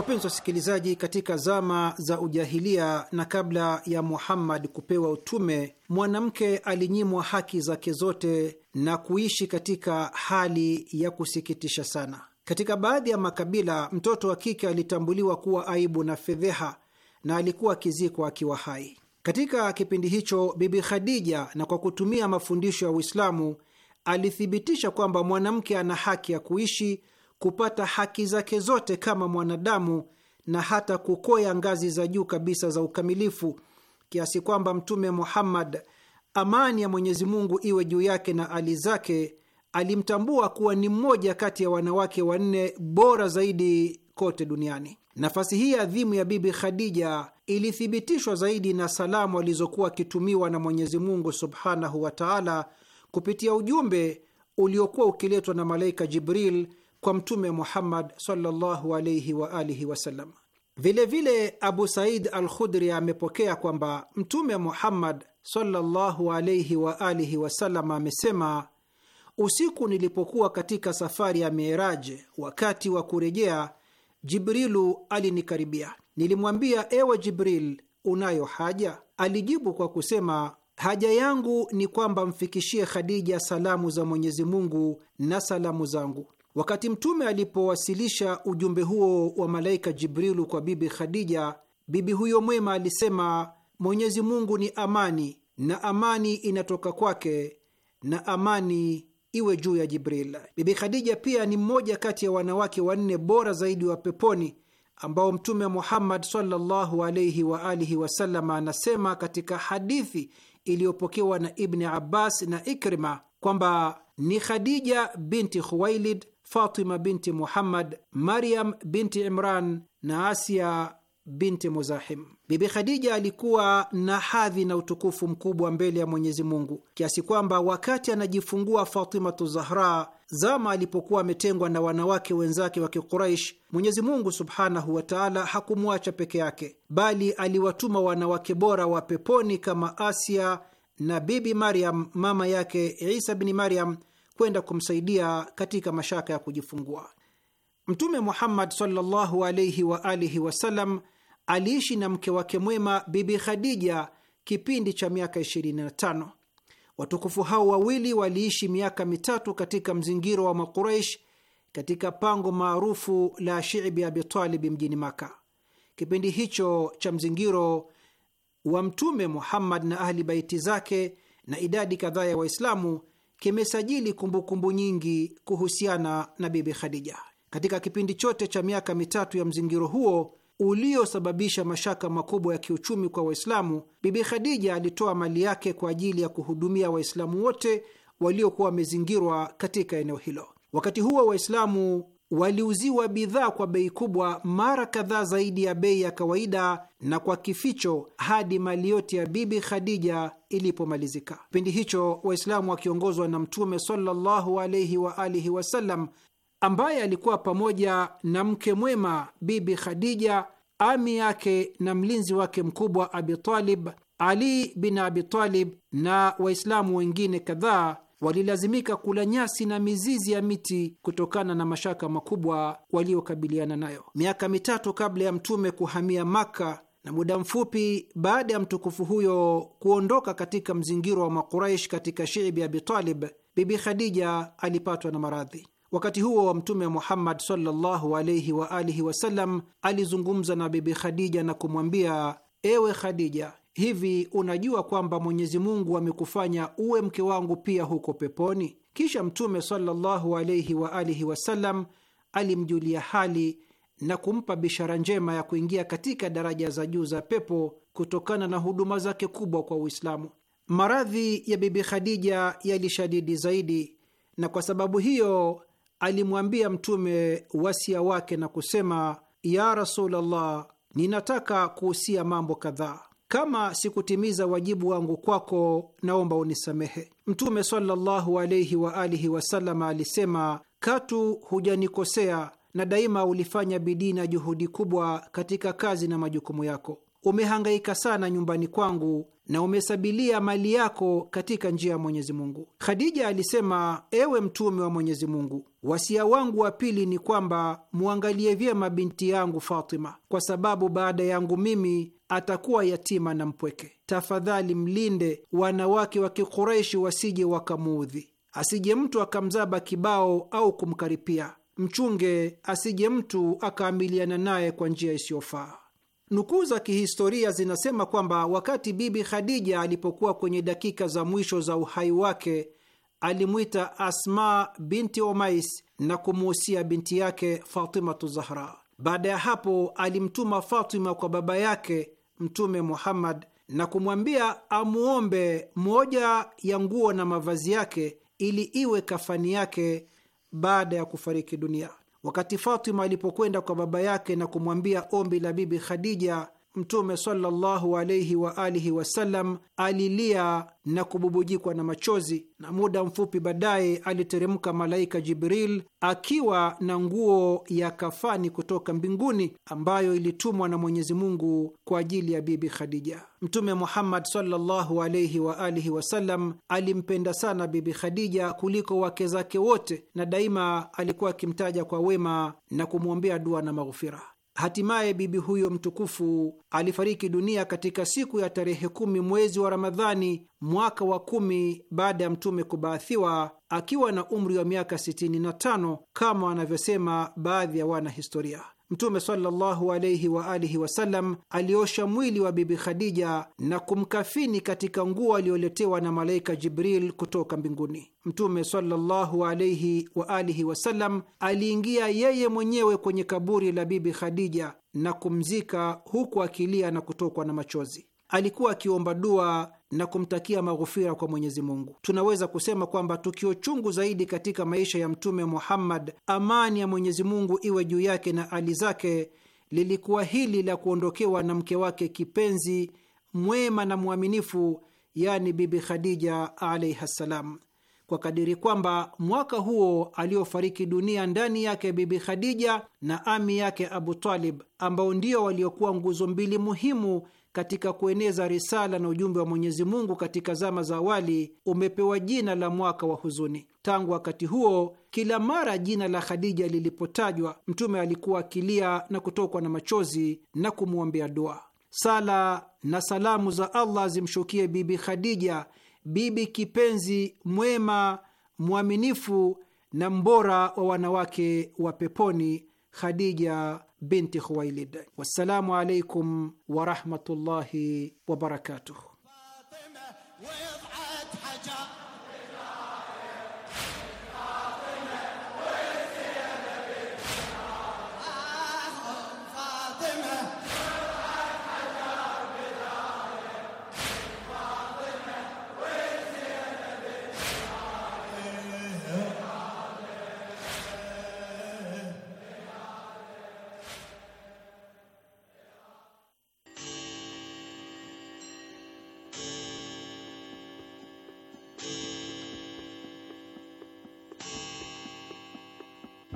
S6: Wapenzi wasikilizaji, katika zama za ujahilia na kabla ya Muhammad kupewa utume, mwanamke alinyimwa haki zake zote na kuishi katika hali ya kusikitisha sana. Katika baadhi ya makabila, mtoto wa kike alitambuliwa kuwa aibu na fedheha na alikuwa akizikwa akiwa hai. Katika kipindi hicho, Bibi Khadija, na kwa kutumia mafundisho ya Uislamu, alithibitisha kwamba mwanamke ana haki ya kuishi kupata haki zake zote kama mwanadamu na hata kukoya ngazi za juu kabisa za ukamilifu, kiasi kwamba Mtume Muhammad, amani ya Mwenyezi Mungu iwe juu yake na ali zake, alimtambua kuwa ni mmoja kati ya wanawake wanne bora zaidi kote duniani. Nafasi hii adhimu ya Bibi Khadija ilithibitishwa zaidi na salamu alizokuwa akitumiwa na Mwenyezi Mungu subhanahu wa taala kupitia ujumbe uliokuwa ukiletwa na malaika Jibril kwa Mtume Muhammad sallallahu alaihi wa alihi wasallam. Vilevile Abu Said al Khudri amepokea kwamba Mtume Muhammad sallallahu alaihi wa alihi wasallam amesema, usiku nilipokuwa katika safari ya Miraj, wakati wa kurejea, Jibrilu alinikaribia. Nilimwambia, ewe Jibril, unayo haja? Alijibu kwa kusema Haja yangu ni kwamba mfikishie Khadija salamu za Mwenyezi Mungu na salamu zangu. Wakati Mtume alipowasilisha ujumbe huo wa malaika Jibrilu kwa Bibi Khadija, bibi huyo mwema alisema, Mwenyezi Mungu ni amani na amani inatoka kwake na amani iwe juu ya Jibril. Bibi Khadija pia ni mmoja kati ya wanawake wanne bora zaidi wa peponi ambao Mtume Muhammad sallallahu wa alihi wasallam anasema katika hadithi iliyopokewa na Ibni Abbas na Ikrima kwamba ni Khadija binti Khuwailid Fatima binti Muhammad, Maryam binti Imran na Asia binti Muzahim. Bibi Khadija alikuwa na hadhi na utukufu mkubwa mbele ya Mwenyezi Mungu kiasi kwamba wakati anajifungua Fatimatu Zahra, zama alipokuwa ametengwa na wanawake wenzake wa Kiquraish, Mwenyezi Mungu subhanahu wa taala hakumwacha peke yake, bali aliwatuma wanawake bora wa peponi kama Asia na Bibi Maryam mama yake Isa bini Maryam kwenda kumsaidia katika mashaka ya kujifungua. Mtume Muhammad sallallahu alaihi wa alihi wasallam aliishi na mke wake mwema Bibi Khadija kipindi cha miaka 25. Watukufu hao wawili waliishi miaka mitatu katika mzingiro wa Makuraish katika pango maarufu la Shibi Abitalibi mjini Maka. Kipindi hicho cha mzingiro wa Mtume Muhammad na ahli baiti zake na idadi kadhaa ya Waislamu kimesajili kumbukumbu nyingi kuhusiana na Bibi Khadija. Katika kipindi chote cha miaka mitatu ya mzingiro huo uliosababisha mashaka makubwa ya kiuchumi kwa Waislamu, Bibi Khadija alitoa mali yake kwa ajili ya kuhudumia Waislamu wote waliokuwa wamezingirwa katika eneo hilo. Wakati huo Waislamu waliuziwa bidhaa kwa bei kubwa mara kadhaa zaidi ya bei ya kawaida na kwa kificho hadi mali yote ya Bibi Khadija ilipomalizika. Kipindi hicho Waislamu wakiongozwa na Mtume sallallahu alaihi wa alihi wasallam, ambaye alikuwa pamoja na mke mwema Bibi Khadija, ami yake na mlinzi wake mkubwa Abitalib, Ali bin Abitalib na Waislamu wengine kadhaa walilazimika kula nyasi na mizizi ya miti kutokana na mashaka makubwa waliokabiliana nayo. Miaka mitatu kabla ya Mtume kuhamia Maka na muda mfupi baada ya mtukufu huyo kuondoka katika mzingiro wa Makuraish katika Shiibi Abitalib, Bibi Khadija alipatwa na maradhi. Wakati huo wa Mtume Muhammad sallallahu alaihi wa alihi wasallam alizungumza na Bibi Khadija na kumwambia, ewe Khadija, hivi unajua kwamba Mwenyezi Mungu amekufanya uwe mke wangu pia huko peponi? Kisha Mtume sallallahu alaihi wa alihi wasallam alimjulia hali na kumpa bishara njema ya kuingia katika daraja za juu za pepo kutokana na huduma zake kubwa kwa Uislamu. Maradhi ya Bibi Khadija yalishadidi zaidi, na kwa sababu hiyo alimwambia Mtume wasia wake na kusema, ya Rasulullah, ninataka kuhusia mambo kadhaa kama sikutimiza wajibu wangu kwako, naomba unisamehe. Mtume sallallahu alaihi wa alihi wasallam alisema, katu hujanikosea na daima ulifanya bidii na juhudi kubwa katika kazi na majukumu yako. Umehangaika sana nyumbani kwangu na umesabilia mali yako katika njia ya Mwenyezi Mungu. Khadija alisema, ewe mtume wa Mwenyezi Mungu, wasia wangu wa pili ni kwamba muangalie vyema binti yangu Fatima, kwa sababu baada yangu mimi atakuwa yatima na mpweke. Tafadhali mlinde wanawake wa Kikureishi wasije wakamuudhi, asije mtu akamzaba kibao au kumkaripia. Mchunge asije mtu akaamiliana naye kwa njia isiyofaa. Nukuu za kihistoria zinasema kwamba wakati Bibi Khadija alipokuwa kwenye dakika za mwisho za uhai wake alimwita Asma binti Omais na kumuhusia binti yake Fatimatu Zahra. Baada ya hapo alimtuma Fatima kwa baba yake Mtume Muhammad na kumwambia amwombe moja ya nguo na mavazi yake ili iwe kafani yake baada ya kufariki dunia. Wakati Fatima alipokwenda kwa baba yake na kumwambia ombi la Bibi Khadija Mtume sallallahu alaihi wa alihi wasallam alilia na kububujikwa na machozi, na muda mfupi baadaye aliteremka malaika Jibril akiwa na nguo ya kafani kutoka mbinguni ambayo ilitumwa na Mwenyezi Mungu kwa ajili ya Bibi Khadija. Mtume Muhammad sallallahu alaihi wa alihi wasallam alimpenda sana Bibi Khadija kuliko wake zake wote, na daima alikuwa akimtaja kwa wema na kumwombea dua na maghufira. Hatimaye bibi huyo mtukufu alifariki dunia katika siku ya tarehe kumi mwezi wa Ramadhani mwaka wa kumi baada ya mtume kubaathiwa akiwa na umri wa miaka 65 kama wanavyosema baadhi ya wanahistoria. Mtume sallallahu wa alihi wasallam aliosha mwili wa Bibi Khadija na kumkafini katika nguo aliyoletewa na malaika Jibril kutoka mbinguni. Mtume sallallahu wa alihi wasallam aliingia yeye mwenyewe kwenye kaburi la Bibi Khadija na kumzika huku akilia na kutokwa na machozi alikuwa akiomba dua na kumtakia maghufira kwa Mwenyezi Mungu. Tunaweza kusema kwamba tukio chungu zaidi katika maisha ya Mtume Muhammad, amani ya Mwenyezi Mungu iwe juu yake na ali zake, lilikuwa hili la kuondokewa na mke wake kipenzi mwema na mwaminifu, yani Bibi Khadija alaihi ssalam, kwa kadiri kwamba mwaka huo aliofariki dunia ndani yake Bibi Khadija na ami yake Abu Talib, ambao ndio waliokuwa nguzo mbili muhimu katika kueneza risala na ujumbe wa Mwenyezi Mungu katika zama za awali umepewa jina la mwaka wa huzuni. Tangu wakati huo, kila mara jina la Khadija lilipotajwa, Mtume alikuwa akilia na kutokwa na machozi na kumwombea dua. Sala na salamu za Allah zimshukie Bibi Khadija, bibi kipenzi, mwema, mwaminifu na mbora wa wanawake wa peponi, Khadija بنت خويلد والسلام عليكم ورحمة الله وبركاته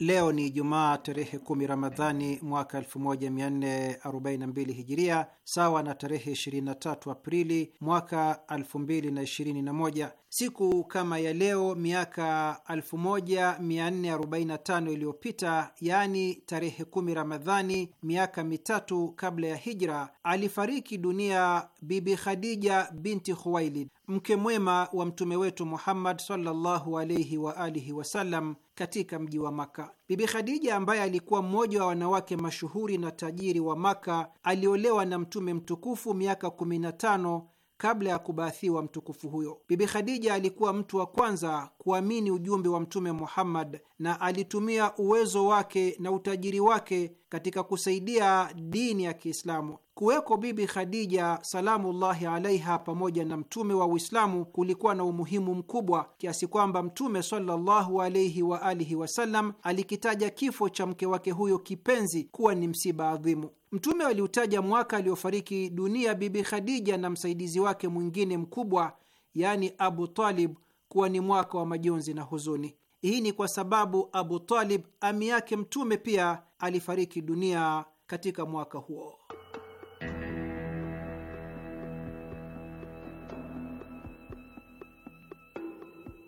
S6: Leo ni Jumaa tarehe kumi Ramadhani mwaka 1442 Hijiria, sawa na tarehe 23 Aprili mwaka 2021. Siku kama ya leo miaka 1445 iliyopita, yaani tarehe kumi Ramadhani, miaka mitatu kabla ya Hijra, alifariki dunia Bibi Khadija binti Khuwailid, mke mwema wa mtume wetu Muhammad sallallahu alaihi waalihi wasallam katika mji wa Maka. Bibi Khadija ambaye alikuwa mmoja wa wanawake mashuhuri na tajiri wa Maka aliolewa na Mtume mtukufu miaka 15 kabla ya kubaathiwa mtukufu huyo. Bibi Khadija alikuwa mtu wa kwanza kuamini ujumbe wa Mtume Muhammad na alitumia uwezo wake na utajiri wake katika kusaidia dini ya Kiislamu. Kuweko Bibi Khadija salamullahi alaiha pamoja na mtume wa Uislamu kulikuwa na umuhimu mkubwa kiasi kwamba Mtume sallallahu alaihi wa alihi wasallam alikitaja kifo cha mke wake huyo kipenzi kuwa ni msiba adhimu. Mtume aliutaja mwaka aliofariki dunia Bibi Khadija na msaidizi wake mwingine mkubwa, yaani Abu Talib, kuwa ni mwaka wa majonzi na huzuni. Hii ni kwa sababu Abu Talib, ami yake Mtume, pia alifariki dunia katika mwaka huo.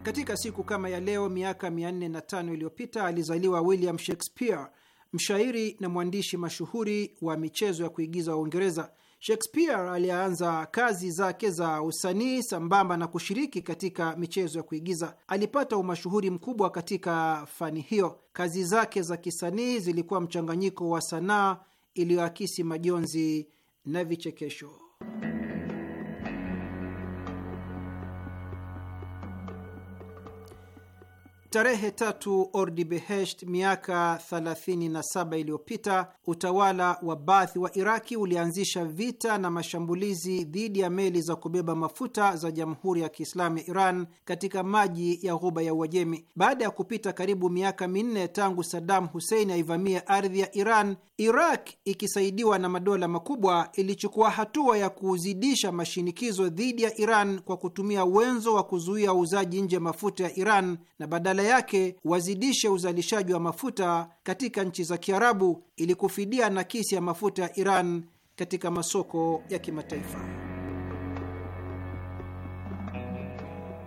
S6: Katika siku kama ya leo miaka 405 iliyopita alizaliwa William Shakespeare, mshairi na mwandishi mashuhuri wa michezo ya kuigiza wa Uingereza. Shakespeare alianza kazi zake za usanii sambamba na kushiriki katika michezo ya kuigiza. Alipata umashuhuri mkubwa katika fani hiyo. Kazi zake za kisanii zilikuwa mchanganyiko wa sanaa iliyoakisi majonzi na vichekesho. Tarehe tatu Ordibehesht miaka 37 iliyopita utawala wa Baathi wa Iraki ulianzisha vita na mashambulizi dhidi ya meli za kubeba mafuta za Jamhuri ya Kiislamu ya Iran katika maji ya Ghuba ya Uajemi. Baada ya kupita karibu miaka minne tangu Saddam Hussein aivamia ardhi ya Iran, Iraq ikisaidiwa na madola makubwa ilichukua hatua ya kuzidisha mashinikizo dhidi ya Iran kwa kutumia wenzo wa kuzuia uuzaji nje mafuta ya Iran na badala badala yake wazidishe uzalishaji wa mafuta katika nchi za Kiarabu ili kufidia nakisi ya mafuta ya Iran katika masoko ya kimataifa.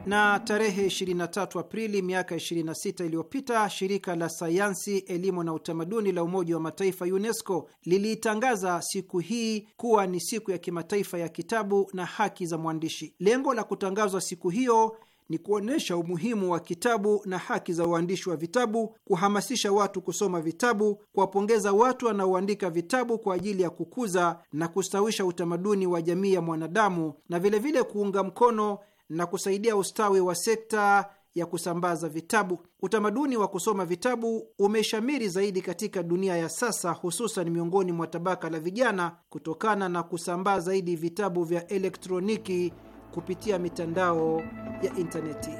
S6: na tarehe 23 Aprili miaka 26 iliyopita shirika la sayansi, elimu na utamaduni la Umoja wa Mataifa UNESCO liliitangaza siku hii kuwa ni siku ya kimataifa ya kitabu na haki za mwandishi. Lengo la kutangazwa siku hiyo ni kuonyesha umuhimu wa kitabu na haki za uandishi wa vitabu, kuhamasisha watu kusoma vitabu, kuwapongeza watu wanaoandika vitabu kwa ajili ya kukuza na kustawisha utamaduni wa jamii ya mwanadamu, na vilevile vile kuunga mkono na kusaidia ustawi wa sekta ya kusambaza vitabu. Utamaduni wa kusoma vitabu umeshamiri zaidi katika dunia ya sasa, hususan miongoni mwa tabaka la vijana, kutokana na kusambaa zaidi vitabu vya elektroniki kupitia mitandao ya intaneti.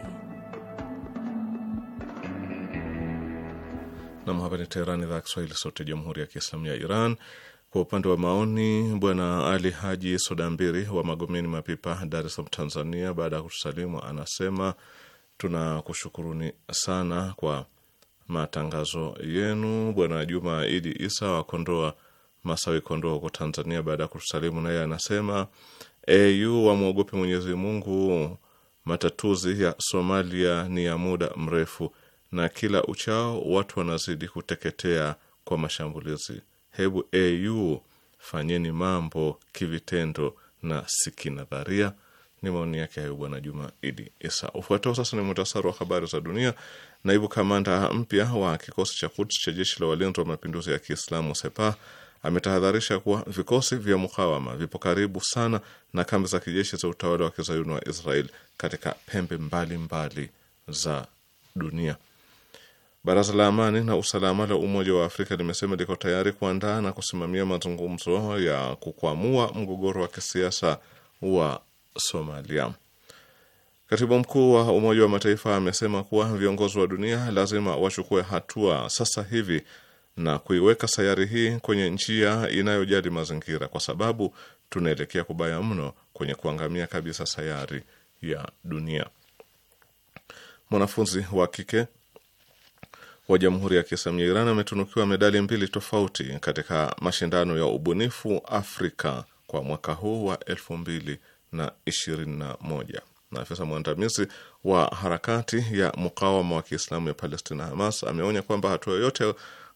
S4: Nam, hapa ni Teherani, idhaa ya Kiswahili, sauti ya jamhuri ya kiislamu ya Iran. Kwa upande wa maoni, bwana Ali Haji Sodambiri wa Magomeni Mapipa, Dar es Salaam, Tanzania, baada ya kutusalimu anasema tunakushukuruni sana kwa matangazo yenu. Bwana Juma Idi Isa wa Kondoa Masawi, Kondoa huko Tanzania, baada ya kutusalimu naye anasema AU wamwogope Mwenyezi Mungu. Matatuzi ya Somalia ni ya muda mrefu, na kila uchao watu wanazidi kuteketea kwa mashambulizi. Hebu AU fanyeni mambo kivitendo na sikinadharia. Ni maoni yake hayo Bwana Juma Idi Isa. Ufuatao sasa ni muhtasari wa habari za dunia. Naibu kamanda mpya wa kikosi cha Quds cha jeshi la walinzi wa mapinduzi ya Kiislamu Sepah ametahadharisha kuwa vikosi vya mukawama vipo karibu sana na kambi za kijeshi za utawala wa kizayuni wa Israel katika pembe mbalimbali mbali za dunia. Baraza la Amani na Usalama la Umoja wa Afrika limesema liko tayari kuandaa na kusimamia mazungumzo ya kukwamua mgogoro wa kisiasa wa Somalia. Katibu mkuu wa Umoja wa Mataifa amesema kuwa viongozi wa dunia lazima wachukue hatua sasa hivi na kuiweka sayari hii kwenye njia inayojali mazingira, kwa sababu tunaelekea kubaya mno kwenye kuangamia kabisa sayari ya dunia. Mwanafunzi wa kike wa Jamhuri ya Kiislamu ya Iran ametunukiwa medali mbili tofauti katika mashindano ya ubunifu Afrika kwa mwaka huu wa elfu mbili na ishirini na moja. Na afisa mwandamizi wa harakati ya mukawama wa Kiislamu ya Palestina, Hamas, ameonya kwamba hatua yoyote